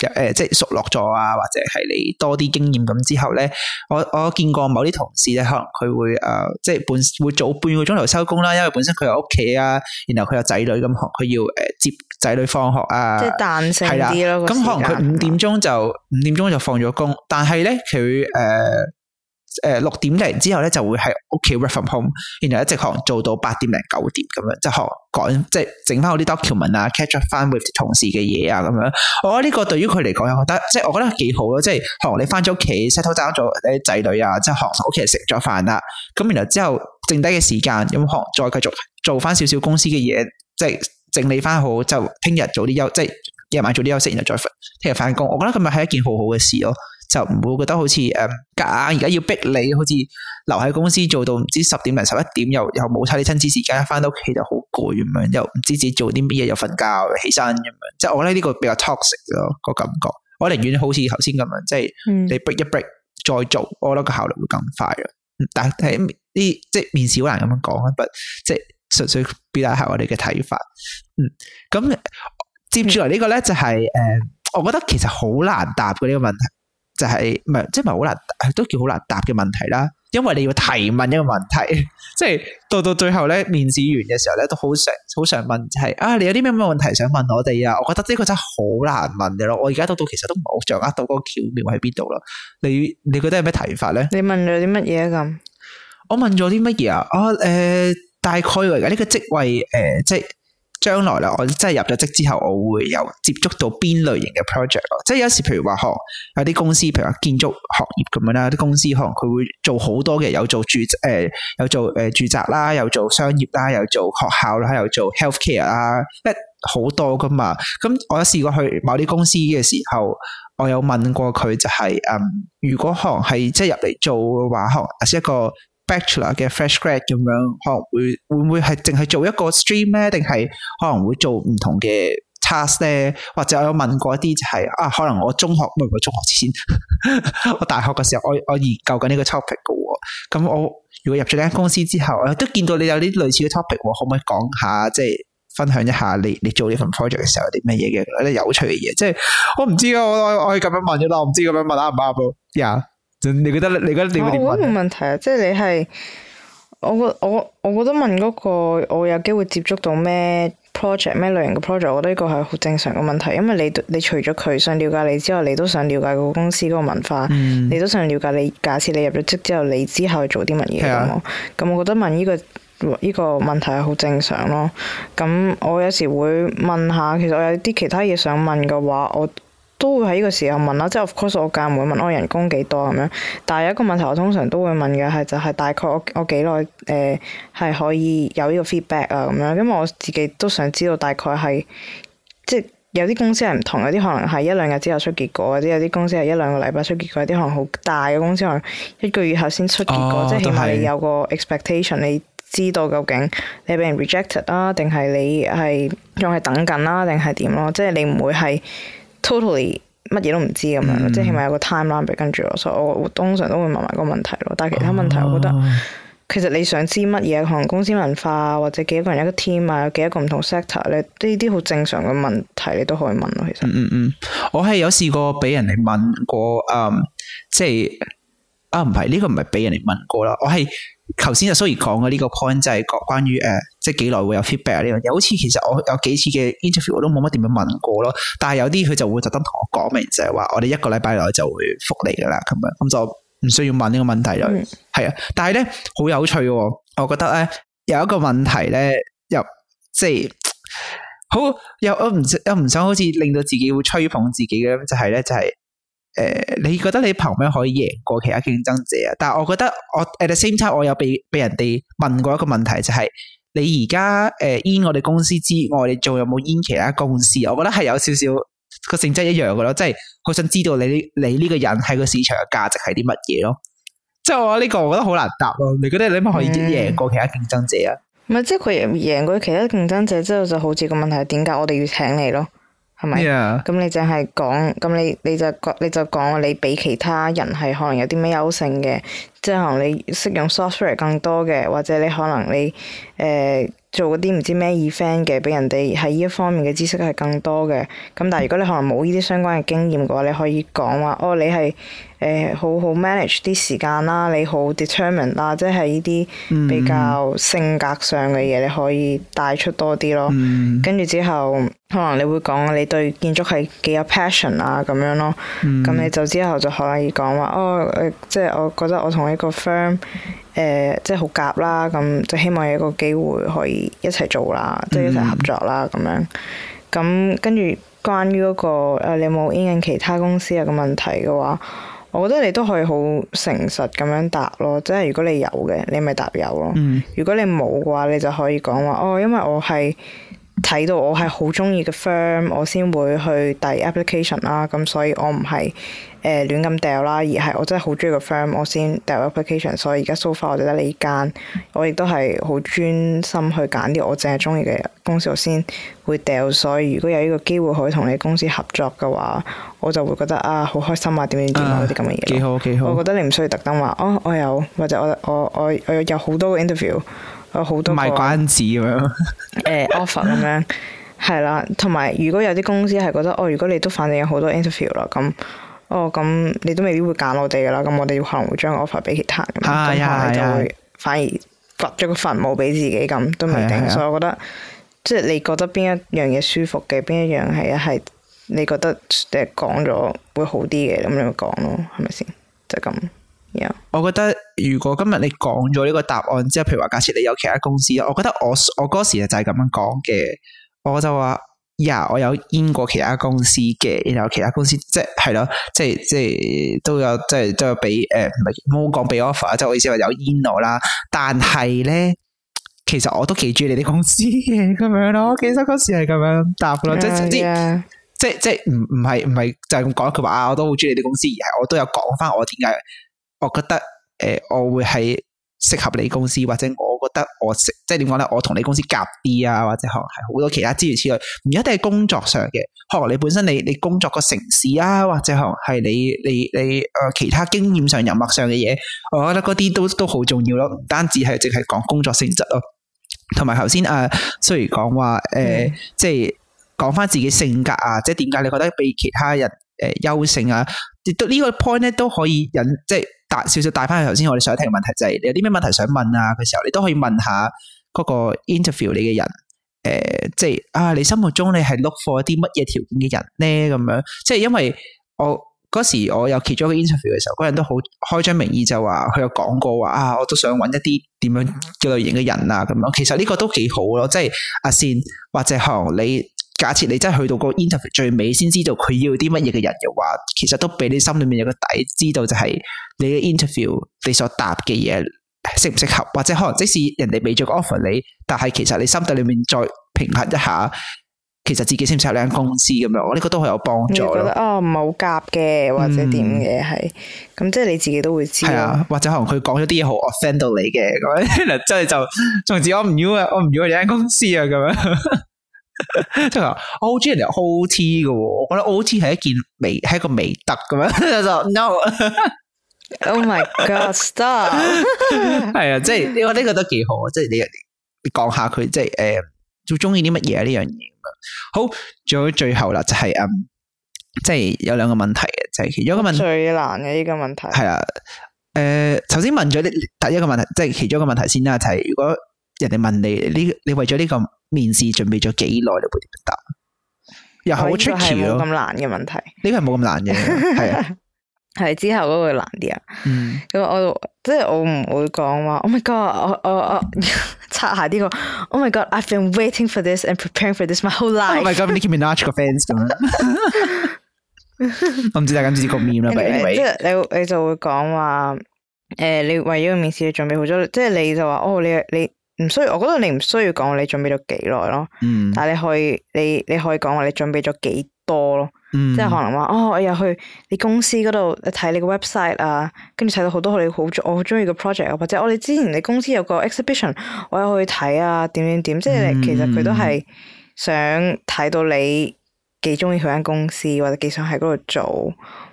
誒、呃，即係熟落咗啊，或者係你多啲經驗咁之後咧，我我見過某啲同事咧，可能佢會誒、呃，即係半會早半個鐘頭收工啦，因為本身佢有屋企啊，然後佢有仔女咁，佢要誒、呃、接仔女放學啊，即係彈性啲咯。咁的可能佢五點鐘就五點鐘就放咗工，但係咧佢誒。誒，六點零之後咧，就會喺屋企 work from home，然後一直學做到八點零九點咁樣，即係學趕，即係整翻好啲 document 啊，catch up 翻 with 同事嘅嘢啊，咁樣。我覺得呢個對於佢嚟講，又覺得即係，我覺得幾好咯，即係學你翻咗屋企，settle down 做啲仔女啊，即係學屋企食咗飯啦，咁然後之後剩低嘅時間咁學再繼續做翻少少公司嘅嘢，即係整理翻好，就聽日早啲休，即係夜晚早啲休息，然後再聽日翻工。我覺得咁樣係一件好好嘅事咯。就唔會覺得好似誒，夾、嗯、硬而家要逼你，好似留喺公司做到唔知十點零十一點，又又冇晒你親子時間，翻到屋企就好攰咁樣，又唔知自己做啲乜嘢又瞓覺起身咁樣。即係我覺得呢個比較 toxic 咯，個感覺。我寧願好似頭先咁樣，即係你 break 一 break 再做，我覺得個效率會咁快咯。但係啲即係面試好難咁樣講啊，不即係純粹表達下我哋嘅睇法。嗯，咁接住嚟呢個咧就係、是、誒，嗯、我覺得其實好難答嘅呢、這個問題。就係唔係，即係唔係好難，都叫好難答嘅問題啦。因為你要提問一個問題，即係到到最後咧，面試完嘅時候咧，都好想好想問，就是，就係啊，你有啲咩咩問題想問我哋啊？我覺得呢個真係好難問嘅咯。我而家到到其實都唔係好掌握到嗰個巧妙喺邊度咯。你你覺得有咩睇法咧？你問咗啲乜嘢？咁？我問咗啲乜嘢啊？啊，誒、呃，大概而家呢個職位，誒、呃，即係。將來啦，我真係入咗職之後，我會有接觸到邊類型嘅 project 咯。即係有時譬如話學有啲公司，譬如話建築行業咁樣啦，啲公司可能佢會做好多嘅，有做住誒、呃，有做誒住宅啦，有做商業啦，有做學校啦，有做 healthcare 啦，即好多噶嘛。咁我有試過去某啲公司嘅時候，我有問過佢就係、是，嗯，如果可能係即係入嚟做嘅話，學係一個。Bachelor 嘅 fresh grad 咁樣，可能會會唔會係淨係做一個 stream 咧？定係可能會做唔同嘅 task 咧？或者我有問過一啲，就是，就係啊，可能我中學唔係唔係中學之前， 我大學嘅時候，我我研究緊呢個 topic 嘅。咁我如果入咗呢間公司之後，我都見到你有啲類似嘅 topic，可唔可以講下？即係分享一下你你做呢份 project 嘅時候有啲乜嘢嘅，一啲有趣嘅嘢。即係我唔知啊，我我可以咁樣問一啦，唔知咁樣問啱唔啱啊？呀！你覺得你覺得你會覺得冇問題啊，即係你係我覺得我我覺得問嗰個我有機會接觸到咩 project 咩類型嘅 project，我覺得呢個係好正常嘅問題，因為你你除咗佢想了解你之外，你都想了解個公司嗰個文化，嗯、你都想了解你假設你入咗職之後，你之後做啲乜嘢，咁我覺得問呢個呢個問題係好正常咯。咁我有時會問下，其實我有啲其他嘢想問嘅話，我。都會喺呢個時候問啦，即係 of course 我間唔會問我人工幾多咁樣，但係有一個問題，我通常都會問嘅係就係、是、大概我我幾耐誒係可以有呢個 feedback 啊咁樣，因為我自己都想知道大概係即係有啲公司係唔同，有啲可能係一兩日之後出結果，有啲有啲公司係一兩個禮拜出結果，有啲可能好大嘅公司可能一個月後先出結果，哦、即係起碼你有個 expectation，你知道究竟你係畀人 rejected 啦，定係你係仲係等緊啦，定係點咯？即係你唔會係。totally 乜嘢都唔知咁樣即係起碼有個 timeline 俾跟住我，所以我通常都會問埋個問題咯。但係其他問題，我覺得、嗯、其實你想知乜嘢，可能公司文化或者幾多個人一個 team 啊，有幾多個唔同 sector 咧，呢啲好正常嘅問題你都可以問咯。其實，嗯嗯我係有試過俾人哋問過，嗯，即係啊，唔係呢個唔係俾人哋問過啦，我係。頭先阿蘇怡講嘅呢個 point，就係、是、關於誒、呃，即係幾耐會有 feedback 呢、啊、樣嘢。好、這、似、個、其實我有幾次嘅 interview，我都冇乜點樣問過咯。但係有啲佢就會特登同我講明，就係、是、話我哋一個禮拜內就會覆你㗎喇，咁樣咁就唔需要問呢個問題咯。係啊是，但係咧好有趣、哦，我覺得咧有一個問題咧，又即係、就是、好又我唔又唔想好似令到自己會吹捧自己嘅，就係、是、咧就係、是。誒、呃，你覺得你憑咩可以贏過其他競爭者啊？但係我覺得我 at the same time，我有俾俾人哋問過一個問題，就係、是、你而家誒 in 我哋公司之外，你仲有冇 in 其他公司？我覺得係有少少個性質一樣嘅咯，即係好想知道你你呢個人喺個市場嘅價值係啲乜嘢咯。即係我呢個，我覺得好難答咯、啊。你覺得你憑咩可以贏過其他競爭者啊？唔係、嗯嗯，即係佢贏贏過其他競爭者之後，就好似個問題係點解我哋要請你咯？係咪？咁 Yeah. 你淨係講，咁你你就覺你就講你比其他人係可能有啲咩優勝嘅，即係可能你識用 software 更多嘅，或者你可能你誒、呃、做嗰啲唔知咩 event 嘅，比人哋喺呢一方面嘅知識係更多嘅。咁但係如果你可能冇呢啲相關嘅經驗嘅話，你可以講話哦，你係。誒、呃，好好 manage 啲時間啦，你好 determine 啦，即係呢啲比較性格上嘅嘢，嗯、你可以帶出多啲咯。跟住、嗯、之後，可能你會講你對建築係幾有 passion 啊，咁樣咯。咁、嗯、你就之後就可以要講話哦，呃、即係我覺得我同一個 firm 誒、呃，即係好夾啦。咁就希望有一個機會可以一齊做啦，嗯、即係一齊合作啦咁樣。咁跟住關於嗰個、呃、你有冇應聘其他公司嘅問題嘅話，我覺得你都可以好誠實咁樣答咯，即係如果你有嘅，你咪答有咯； 如果你冇嘅話，你就可以講話哦，因為我係。睇到我係好中意嘅 firm，我先會去遞 application 啦。咁所以我唔係誒亂咁掉啦，而係我真係好中意個 firm，我先掉 application。所以而家 so far 我就得你呢間，我亦都係好專心去揀啲我淨係中意嘅公司，我先會掉。所以如果有呢個機會可以同你公司合作嘅話，我就會覺得啊好開心啊點點點啊啲咁嘅嘢。幾好幾好。好，我覺得你唔需要特登話哦，我有或者我我我我有好多個 interview。有好多賣關子咁樣子、呃，誒 offer 咁樣， 係啦，同埋如果有啲公司係覺得哦，如果你都反正有好多 interview 啦，咁哦咁你都未必會揀我哋噶啦，咁我哋可能會將 offer 俾其他人，咁我哋就會反而掘咗個墳墓俾自己咁都唔定，啊啊、所以我覺得即係你覺得邊一樣嘢舒服嘅，邊一樣係一係你覺得誒講咗會好啲嘅，咁你咪講咯，係咪先？就咁、係。就係咁。我覺得如果今日你講咗呢個答案之後，譬如話假設你有其他公司，我覺得我我嗰時就係咁樣講嘅，我就話呀，我有 in 過其他公司嘅，然後其他公司即係係咯，即係即係都有，即係都有俾誒唔係冇講俾 offer，即係我意思話有 in 我啦。但係咧，其實我都幾中意你啲公司嘅咁樣咯。我其實嗰時係咁樣答咯，即係、uh, yeah. 即係即係唔唔係唔係就係咁講佢句話啊，我都好中意你啲公司，而係我都有講翻我點解。我覺得誒、呃，我會係適合你公司，或者我覺得我即係點講咧，我同你公司夾啲啊，或者可能係好多其他諸如此類，唔一定係工作上嘅。可能你本身你你工作個城市啊，或者可能係你你你誒、呃、其他經驗上人脈上嘅嘢，我覺得嗰啲都都好重要咯，唔單止係淨係講工作性質咯、啊。同埋頭先誒，雖然講話誒，呃 mm hmm. 即係講翻自己性格啊，即係點解你覺得比其他人誒優、呃、勝啊？亦都呢個 point 咧都可以引即係。即大少少帶翻去頭先，我哋想提嘅問題就係、是，你有啲咩問題想問啊？嘅時候，你都可以問下嗰個 interview 你嘅人。誒、呃，即係啊，你心目中你係 look for 一啲乜嘢條件嘅人咧？咁樣，即係因為我嗰時我有接咗個 interview 嘅時候，嗰人都好開宗明義就話，佢有講過話啊，我都想揾一啲點樣嘅類型嘅人啊，咁樣。其實呢個都幾好咯，即係阿善或者行你。假設你真係去到個 interview 最尾先知道佢要啲乜嘢嘅人嘅話，其實都俾你心裏面有個底，知道就係你嘅 interview 你所答嘅嘢適唔適合，或者可能即使人哋未咗個 offer 你，但係其實你心底裏面再平衡一下，其實自己適唔適合呢間公司咁樣，我呢個都係有幫助咯。覺得哦唔係好夾嘅或者點嘅係，咁、嗯、即係你自己都會知。係啊，或者可能佢講咗啲嘢好 offend 到你嘅咁樣，即 係就甚至我唔要啊，我唔要你間公司啊咁樣。 即係話，我好中意嚟好黐嘅，我覺得好黐係一件美，係一個美德咁樣。即 係就 no，Oh my God，Stop 係啊，即係你話呢個都幾好啊。即係你你講下佢，即係誒，最中意啲乜嘢呢樣嘢？好，仲有最後啦，就係即係有兩個問題嘅，就係其中一個問題最難嘅呢個問題係啊。誒，頭先、 呃、問咗啲第一個問題，即係其中一個問題先啦，就係如果。人哋問你呢？你為咗呢個面試準備咗幾耐咯？你會答又好 tricky 咯，咁難嘅問題，呢個係冇咁難嘅，係啊，係之後嗰個難啲啊。咁我即係我唔會講話，Oh my God，我我我擦下呢個，Oh my God，I've been waiting for this and preparing for this my whole life。Oh my God，Nicki Minaj 嘅 fans。我唔知大家知唔知個 meme 啦，但係即係你你就會講話，誒，你為咗個面試你準備好咗，即係你就話，哦，你你。唔需要，我覺得你唔需要講你準備咗幾耐咯。嗯，但係你可以，你你可以講話你準備咗幾多咯。嗯，即係可能話哦，我又去你公司嗰度睇你個 website 啊，跟住睇到好多你我哋好我好中意嘅 project，或者我哋，哦，之前你公司有個 exhibition，我又去睇啊，點點點。即係，嗯，其實佢都係想睇到你幾中意佢間公司，或者幾想喺嗰度做，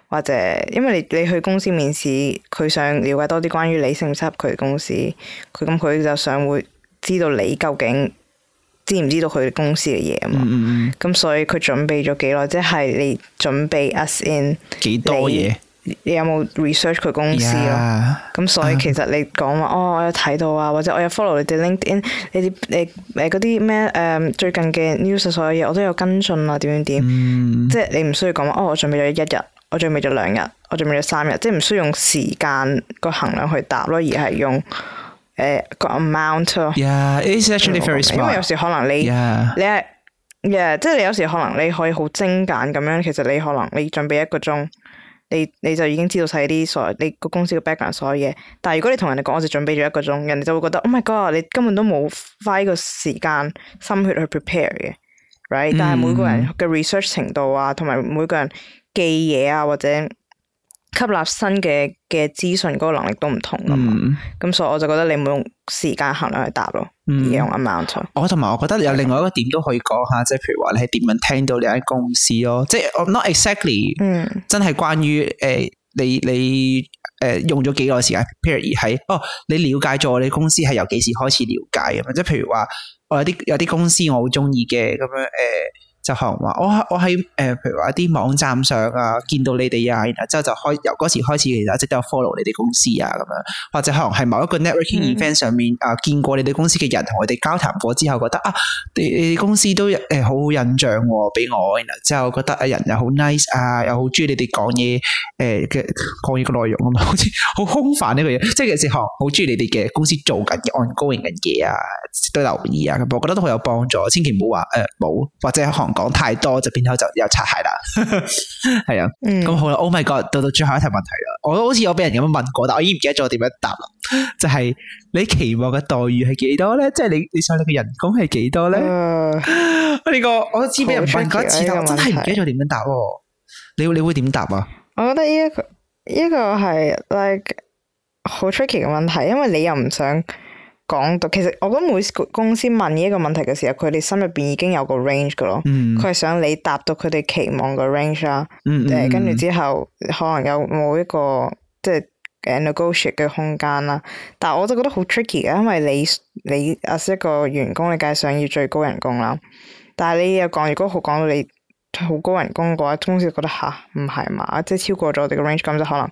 或者因為你你去公司面試，佢想了解多啲關於你適唔適合佢公司，佢咁佢就想會。知道你究竟知唔知道佢公司嘅嘢啊嘛？咁、嗯、所以佢準備咗幾耐？即、就、係、是、你準備 as in 幾多嘢？你有冇 research 佢公司咯？咁 Yeah, 所以其實你講話、嗯、哦，我有睇到啊，或者我有 follow 你哋 LinkedIn，你哋你誒嗰啲咩誒最近嘅 news 所有嘢我都有跟進啊，點點點。即係、嗯、你唔需要講話哦，我準備咗一日，我準備咗兩日，我準備咗三日，即係唔需要用時間個衡量去答咯，而係用。誒個、uh, amount，因為有時可能你 Yeah. 你係、yeah, 即係你有時可能你可以好精簡咁樣，其實你可能你準備一個鐘，你你就已經知道晒啲所，你個公司嘅 background 所有嘢。但係如果你同人哋講，我只準備咗一個鐘，人哋就會覺得、mm. oh my god，你根本都冇花個時間心血去 prepare 嘅，right？、Mm. 但係每個人嘅 research 程度啊，同埋每個人記嘢啊，或者。吸納新嘅嘅資訊嗰個能力都唔同㗎嘛，咁、嗯、所以我就覺得你冇用時間衡量去答咯，而、嗯、用 amount。我同埋我覺得有另外一個點都可以講下，即係的譬如話你係點樣聽到你間公司咯，即係我 not exactly，、嗯、真係關於誒、呃、你你誒、呃、用咗幾耐時間譬如 e 喺哦，你了解咗我哋公司係由幾時開始了解嘅，即係譬如話我有啲有啲公司我好中意嘅咁樣誒。呃就可能話，我我喺誒，譬如話啲網站上啊，見到你哋啊，然之後就開由嗰時開始，其實一直都有 follow 你哋公司啊，咁樣或者可能喺某一個 networking event 上面啊，嗯、見過你哋公司嘅人，同佢哋交談過之後，覺得啊，你哋公司都誒好、呃、好印象喎、啊，俾我，然之後覺得啊人又好 nice 啊，又好中意你哋講嘢誒嘅講嘢嘅內容啊，嘛，好似好空泛呢個嘢，即係其實學好中意你哋嘅公司做緊嘅 ongoing 嘅嘢啊，都留意啊，咁我覺得都好有幫助，千祈唔好話誒冇或者學。講太多就變咗就又擦鞋啦，係啊，咁、嗯、好啦，Oh my God，到到最後一題問題啦，我好似我俾人咁樣問過，但我已經唔記得咗點樣答，就係、是、你期望嘅待遇係幾多咧？即、就、係、是、你你上你嘅人工係幾多咧？呢、uh, 這個我都知俾人問過一次，但係奇真係唔記得咗點樣答哦。你你會點答啊？我覺得呢、這、一個依、這個係 like 好 tricky 嘅問題，因為你又唔想。講到其實，我覺得每公司問呢一個問題嘅時候，佢哋心入邊已經有個 range 噶咯，佢係、mm. 想你達到佢哋期望嘅 range 啦、mm. 呃，跟住之後可能有冇一個即係誒 negotiate 嘅空間啦。但係我就覺得好 tricky 嘅，因為你你啊一個員工，你梗係想要最高人工啦，但係你又講，如果好講到你好高人工嘅話，公司覺得吓唔係嘛，即係超過咗我哋個 range，咁就可能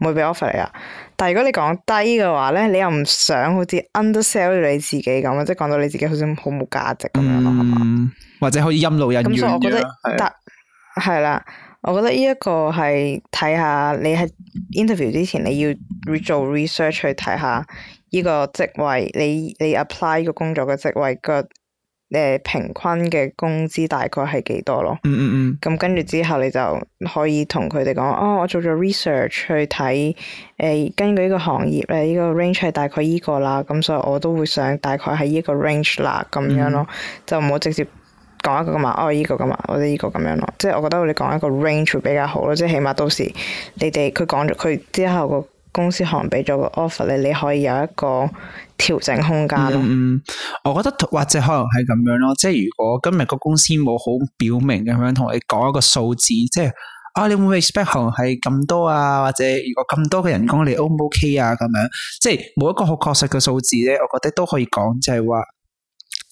唔會俾 offer 你啦但如果你講低嘅話咧，你又唔想好似 under sell 住你自己咁啊，即係講到你自己好似好冇價值咁樣咯，係嘛、嗯？吧或者可以陰露噉，所以我覺得，得是的，係啦。我覺得呢一個係睇下你喺 interview 之前你要做 research 去睇下呢個職位，你你 apply 呢個工作嘅職位嘅誒，平均嘅工資大概係幾多咯？嗯嗯嗯。咁跟住之後，你就可以同佢哋講，哦，我做咗 research 去睇，誒、呃，根據呢個行業咧，呢、呢個 range 係大概呢個啦。咁所以我都會想大概係呢個 range 啦，咁樣咯，嗯嗯就唔好直接講一個咁啊，哦呢、呢個咁啊，或者呢個咁樣咯。即係我覺得你講一個 range 會比較好咯，即係起碼到時你哋佢講咗佢之後個公司行俾咗個 offer 你，你可以有一個。調整空間咯、嗯，我覺得或者可能係咁樣咯，即係如果今日個公司冇好表明咁樣同你講一個數字，即係啊，你會唔會 expect 可能係咁多啊，或者如果咁多嘅人工你 O 唔 OK 啊，咁樣即係冇一個好確實嘅數字咧，我覺得都可以講，就係話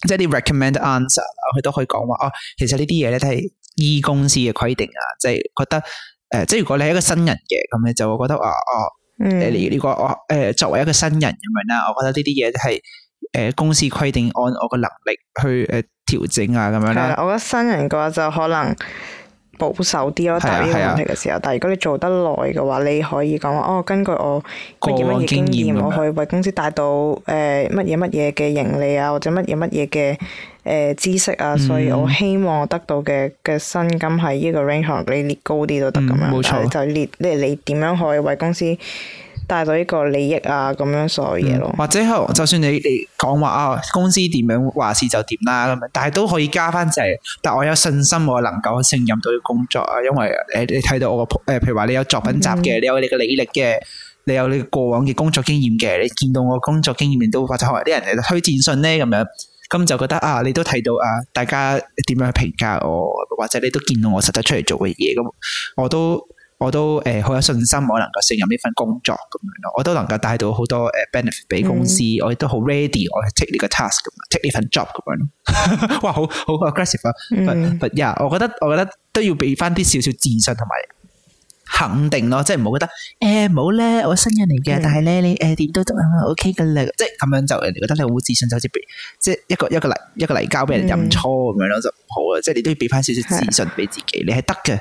即係啲 recommend answer，佢都可以講話哦，其實呢啲嘢咧都係 E 公司嘅規定啊，即係覺得誒、呃，即係如果你係一個新人嘅，咁你就會覺得啊，哦、啊。誒，呢呢個我誒、呃，作為一個新人咁樣啦，我覺得呢啲嘢係誒公司規定，按我個能力去誒調、呃、整啊咁樣啦。我覺得新人嘅話就可能。保守啲咯，答呢個問題嘅時候。但係如果你做得耐嘅話，你可以講話哦，根據我個乜嘢經驗，我可以為公司帶到誒乜嘢乜嘢嘅盈利啊，或者乜嘢乜嘢嘅誒知識啊，所以我希望我得到嘅嘅薪金喺呢個 range 可能你列高啲都得咁樣，嗯，冇錯就列即係你點樣可以為公司。帶到呢個利益啊，咁樣所有嘢咯、嗯，或者係就算你你講話啊，公司點樣話事就點啦咁樣，但係都可以加翻就係、是，但我有信心我能夠勝任到呢個工作啊，因為誒、呃、你睇到我誒、呃，譬如話你有作品集嘅、嗯，你有你嘅履歷嘅，你有你過往嘅工作經驗嘅，你見到我工作經驗面都或者可能啲人嚟推薦信咧咁樣，咁就覺得啊，你都睇到啊，大家點樣去評價我，或者你都見到我實得出嚟做嘅嘢咁，我都。我都誒好有信心，我能夠勝任呢份工作咁樣咯。我都能夠帶到好多誒 benefit 俾公司。Mm hmm. 我亦都好 ready，我 take 呢個 task 咁，take 呢份 job 咁樣咯。哇，好好 aggressive 啊、mm hmm.！But but yeah，我覺得我覺得都要俾翻啲少少自信同埋肯定咯。即係唔好覺得誒好咧，我新人嚟嘅。Mm hmm. 但係咧，你誒點、呃、都得啊，OK 噶啦。即係咁樣就人哋覺得你好自信，就好似俾即係一個一個例一個例教俾人認錯咁樣咯，mm hmm. 就唔好啊。即係你都要俾翻少少自信俾 Yeah. Yeah. 自己，你係得嘅。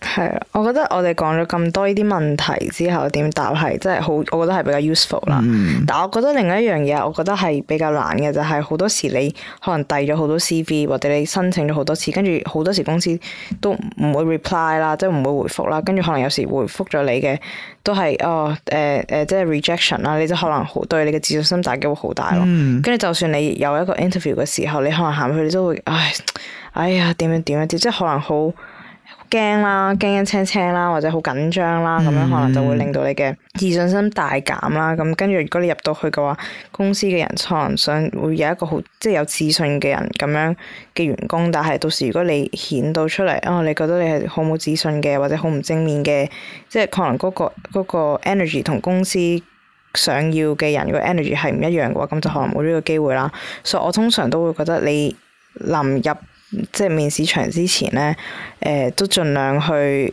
係啊，我覺得我哋講咗咁多呢啲問題之後，點答係真係好，我覺得係比較 useful 啦。嗯、但係我覺得另外一樣嘢，我覺得係比較難嘅，就係、是、好多時你可能遞咗好多 CV 或者你申請咗好多次，跟住好多時公司都唔會 reply 啦，即係唔會回覆啦。跟住可能有時回覆咗你嘅都係哦誒誒、呃呃，即係 rejection 啦。你都可能好對你嘅自信心打擊會好大咯。跟住、嗯、就算你有一個 interview 嘅時候，你可能行去你都會唉，哎呀點樣點樣，即係可能好。驚啦，驚驚青青啦，或者好緊張啦，咁樣可能就會令到你嘅自信心大減啦。咁跟住，如果你入到去嘅話，公司嘅人可能想會有一個好，即係有自信嘅人咁樣嘅員工。但係到時如果你顯到出嚟，哦，你覺得你係好冇自信嘅，或者好唔正面嘅，即係可能嗰個嗰個 energy 同公司想要嘅人個 energy 係唔一樣嘅話，咁就可能冇呢個機會啦。所以我通常都會覺得你臨入。即係面試場之前咧，誒、呃，都盡量去。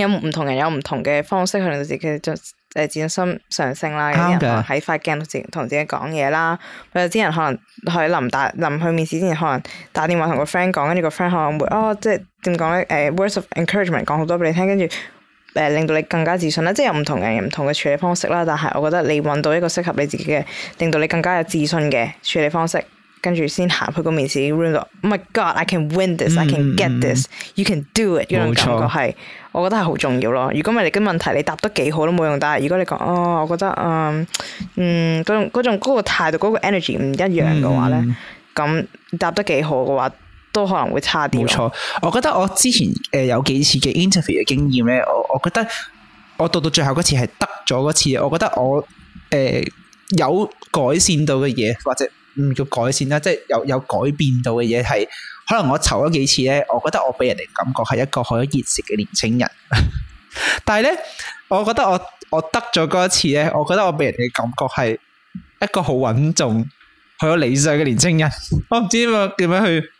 有唔同人有唔同嘅方式去令到自己做誒，自信心上升啦的。有啲人可能喺塊鏡同自己講嘢啦，有啲人可能去臨打臨去面試之前，可能打電話同個 friend 講，跟住個 friend 可能會哦，即係點講咧？誒，words of encouragement 講好多俾你聽，跟住誒令到你更加自信啦。即係有唔同人唔同嘅處理方式啦，但係我覺得你揾到一個適合你自己嘅，令到你更加有自信嘅處理方式。跟住先行去個面試 room 度、oh。My God, I can win this,、嗯、I can get this, you can do it。嗰沒錯 種感覺係，我覺得係好重要咯。如果唔係你個問題你答得幾好都冇用，但係如果你講哦，我覺得嗯嗯嗰種嗰種,種、嗰個態度嗰、嗰個 energy 唔一樣嘅話咧，咁、嗯、答得幾好嘅話，都可能會差啲。冇錯，我覺得我之前誒、呃、有幾次嘅 interview 嘅經驗咧，我我覺得我到到最後嗰次係得咗嗰次，我覺得我誒、呃、有改善到嘅嘢或者。嗯，叫改善啦，即係有有改變到嘅嘢係，可能我籌咗幾次咧，我覺得我畀人哋感覺係一個好有熱誠嘅年青人。 但係咧，我覺得我我得咗嗰一次咧，我覺得我畀人哋感覺係一個好穩重、好有理想嘅年青人。 我唔知我點樣去。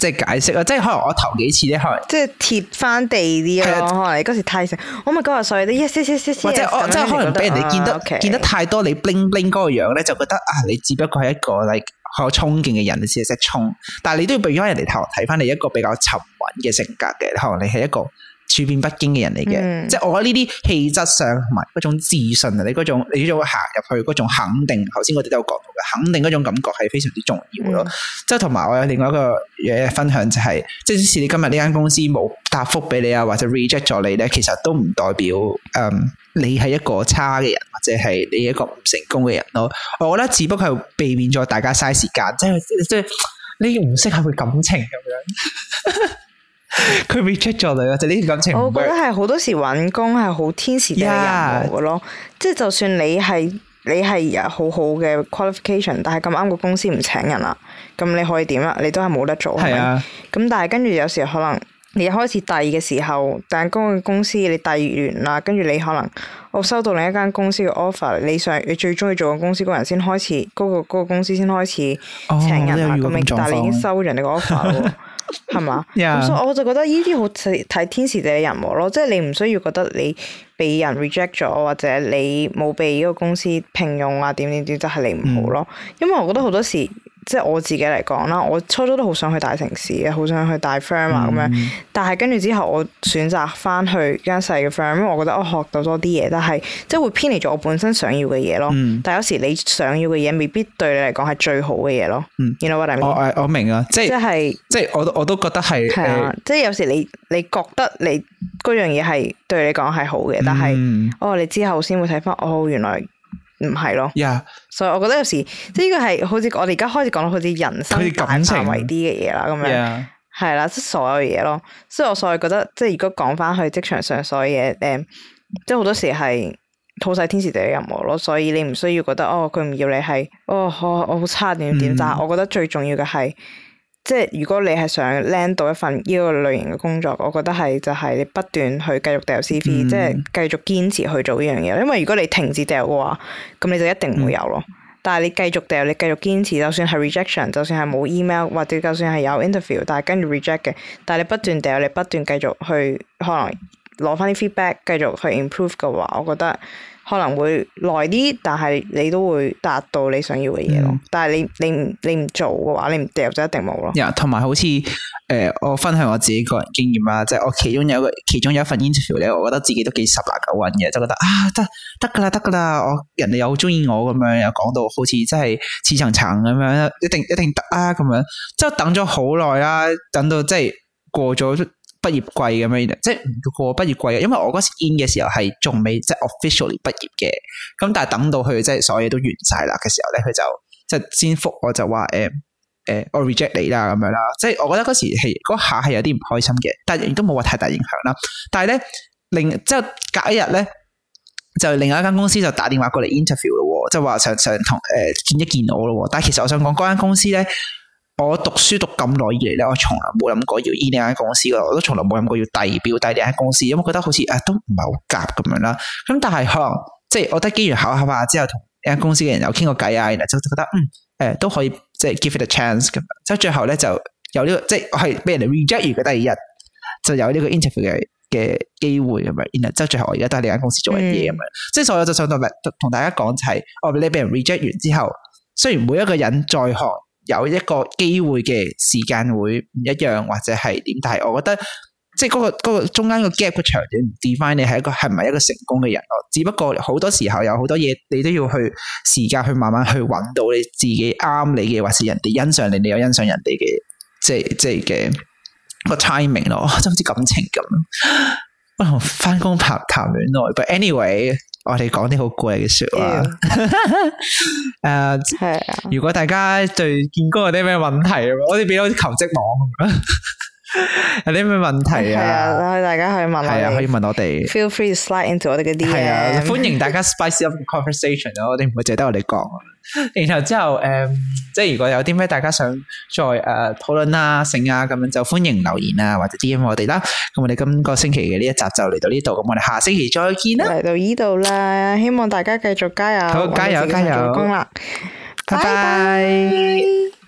即係解釋啊，即係可能我頭幾次咧，可能即係貼翻地啲啊，可能嗰時太成太醒，我咪嗰日所以啲，或者即係可能俾人哋見得見得太多你 bling bling 嗰個樣咧，就覺得啊，你只不過係一個你好有衝勁嘅人，你只係識衝，但係你都要避翻人哋睇，睇翻你一個比較沉穩嘅性格嘅，可能你係一個。處變不驚嘅人嚟嘅，嗯、即係我覺得呢啲氣質上同埋嗰種自信啊，你嗰種你嗰種行入去嗰種肯定，頭先我哋都有講嘅，肯定嗰種感覺係非常之重要咯。嗯、即係同埋我有另外一個嘢分享、就是，就係即係即使你今日呢間公司冇答覆俾你啊，或者 reject 咗你咧，其實都唔代表誒、嗯、你係一個差嘅人，或者係你一個唔成功嘅人咯。我覺得只不過係避免咗大家嘥時間，即係即係你唔適合佢感情咁樣。 佢 reject 咗你啊！就呢段感情，我覺得係好多時揾工係好天時地利人和嘅咯。Yeah. 即係就算你係你係好好嘅 qualification，但係咁啱個公司唔請人啦，咁你可以點啊？你都係冇得做係咪？咁 Yeah. 但係跟住有時可能你開始遞嘅時候，但係嗰個公司你遞完啦，跟住你可能我收到另一間公司嘅 offer，你想你最中意做嘅公司工，嗰個、人先開始嗰個、嗰個公司先開始、oh, 請人啦。咁但係你已經收人哋嘅 offer 係嘛？所以我就覺得呢啲好似睇天時地利人和咯，即係你唔需要覺得你被人 reject 咗，或者你冇被呢個公司聘用啊，點點點就係你唔好咯。Mm. 因為我覺得好多時。即係我自己嚟講啦，我初初都好想去大城市嘅，好想去大 firm 啊咁樣、嗯。但係跟住之後，我選擇翻去間細嘅 firm，因為我覺得我學到多啲嘢，但係即係會偏離咗我本身想要嘅嘢咯。嗯、但係有時你想要嘅嘢未必對你嚟講係最好嘅嘢咯。原來我嚟我明啊，即係即係是即係我都我都覺得係係啊，的 uh, 即係有時你你覺得你嗰樣嘢係對你講係好嘅，嗯、但係哦你之後先會睇翻哦原來。唔係咯，Yeah. 所以我覺得有時即係呢個係好似我哋而家開始講到好似人生、感情為啲嘅嘢啦，咁樣係啦，即係所有嘢咯。所以我所以覺得即係如果講返去職場上所有嘢，誒、嗯，即係好多時係套晒天時地利人和咯。所以你唔需要覺得哦，佢唔要你係哦，哦，我我好差點點，但係、mm hmm. 我覺得最重要嘅係。即係如果你係想 land 到一份呢個類型嘅工作，我覺得係就係、是、你不斷去繼續掉 CV，、嗯、即係繼續堅持去做呢樣嘢。因為如果你停止掉嘅話，咁你就一定唔會有咯。嗯、但係你繼續掉，你繼續堅持，就算係 rejection，就算係冇 email，或者就算係有 interview，但係跟住 reject 嘅，但係你不斷掉，你不斷繼續去可能攞翻啲 feedback，繼續去 improve 嘅話，我覺得。可能會耐啲，但係你都會達到你想要嘅嘢咯。嗯、但係你你唔你唔做嘅話，你唔掉就一定冇咯。同埋、yeah, 好似誒、呃，我分享我自己個人經驗啊，即、就、係、是、我其中有一其中有一份 Interview 咧，我覺得自己都幾十拿九穩嘅，就覺得啊，得得噶啦，得噶啦，人我人哋又好中意我咁樣，又講到好似真係似層層咁樣，一定一定得啊，咁樣即係等咗好耐啦，等到即係過咗。畢業季咁樣，即係過畢業季啊。因為我嗰時 in 嘅時候係仲未即係 officially 畢業嘅，咁但係等到佢即係所有嘢都完晒啦嘅時候咧，佢就即係先復我就話誒誒我 reject 你啦咁樣啦。即係我覺得嗰時係嗰下係有啲唔開心嘅，但係亦都冇話太大影響啦。但係咧，另即係隔一日咧，就另外一間公司就打電話過嚟 interview 咯，即係話想想同誒、呃、見一見到我咯。但係其實我想講嗰間公司咧。我讀書讀咁耐以嚟咧，我從來冇諗過要 in 呢間公司咯，我都從來冇諗過要遞表、遞呢間公司，因為我覺得好似誒都唔係好夾咁樣啦。咁但係可能即係我 band，覺得，機緣巧合之後同呢間公司嘅人 day，有傾過偈啊，然後就覺得嗯誒都可以即係 give 佢個 chance 咁樣，即係最後咧就有呢個即係係俾人哋 reject 完嘅第二日，就有呢個 interview 嘅嘅機會咁樣。然後即係最後我而家都係呢間公司做一啲嘢咁樣，即係、嗯、所以我就想到，同大家講就係，我你俾人 reject 完之後，others，雖然每一個人在學。有一個機會嘅時間會唔一樣，或者係點？但係我覺得，即係嗰個個中間個 gap 嘅長短，唔 define 你係一個係咪一個成功嘅人咯。只不過好多時候有好多嘢，你都要去時間去慢慢去揾到你自己啱你嘅，或是人哋欣賞你，你有欣賞人哋嘅，即係即係嘅個 timing 咯。即係好似感情咁，唔同翻工、拍談戀愛。但係 anyway。我哋講啲好貴嘅說話，誒，如果大家對見工有啲咩問題，我哋變咗求職網。 有啲咩問題啊？可以大家可以問，係啊，可以問我哋。Feel free to slide into 我哋嗰啲嘢，歡迎大家 spice up conversation 咯，一定唔會淨係得我哋講。然後之後誒，即係如果有啲咩大家想再誒討論啊、剩啊咁樣，就歡迎留言啊，或者 DM 我哋啦。咁我哋今個星期嘅呢一集就嚟到呢度，咁我哋下星期再見啦。嚟到呢度啦，希望大家繼續加油，好，加油，加油啦！拜拜。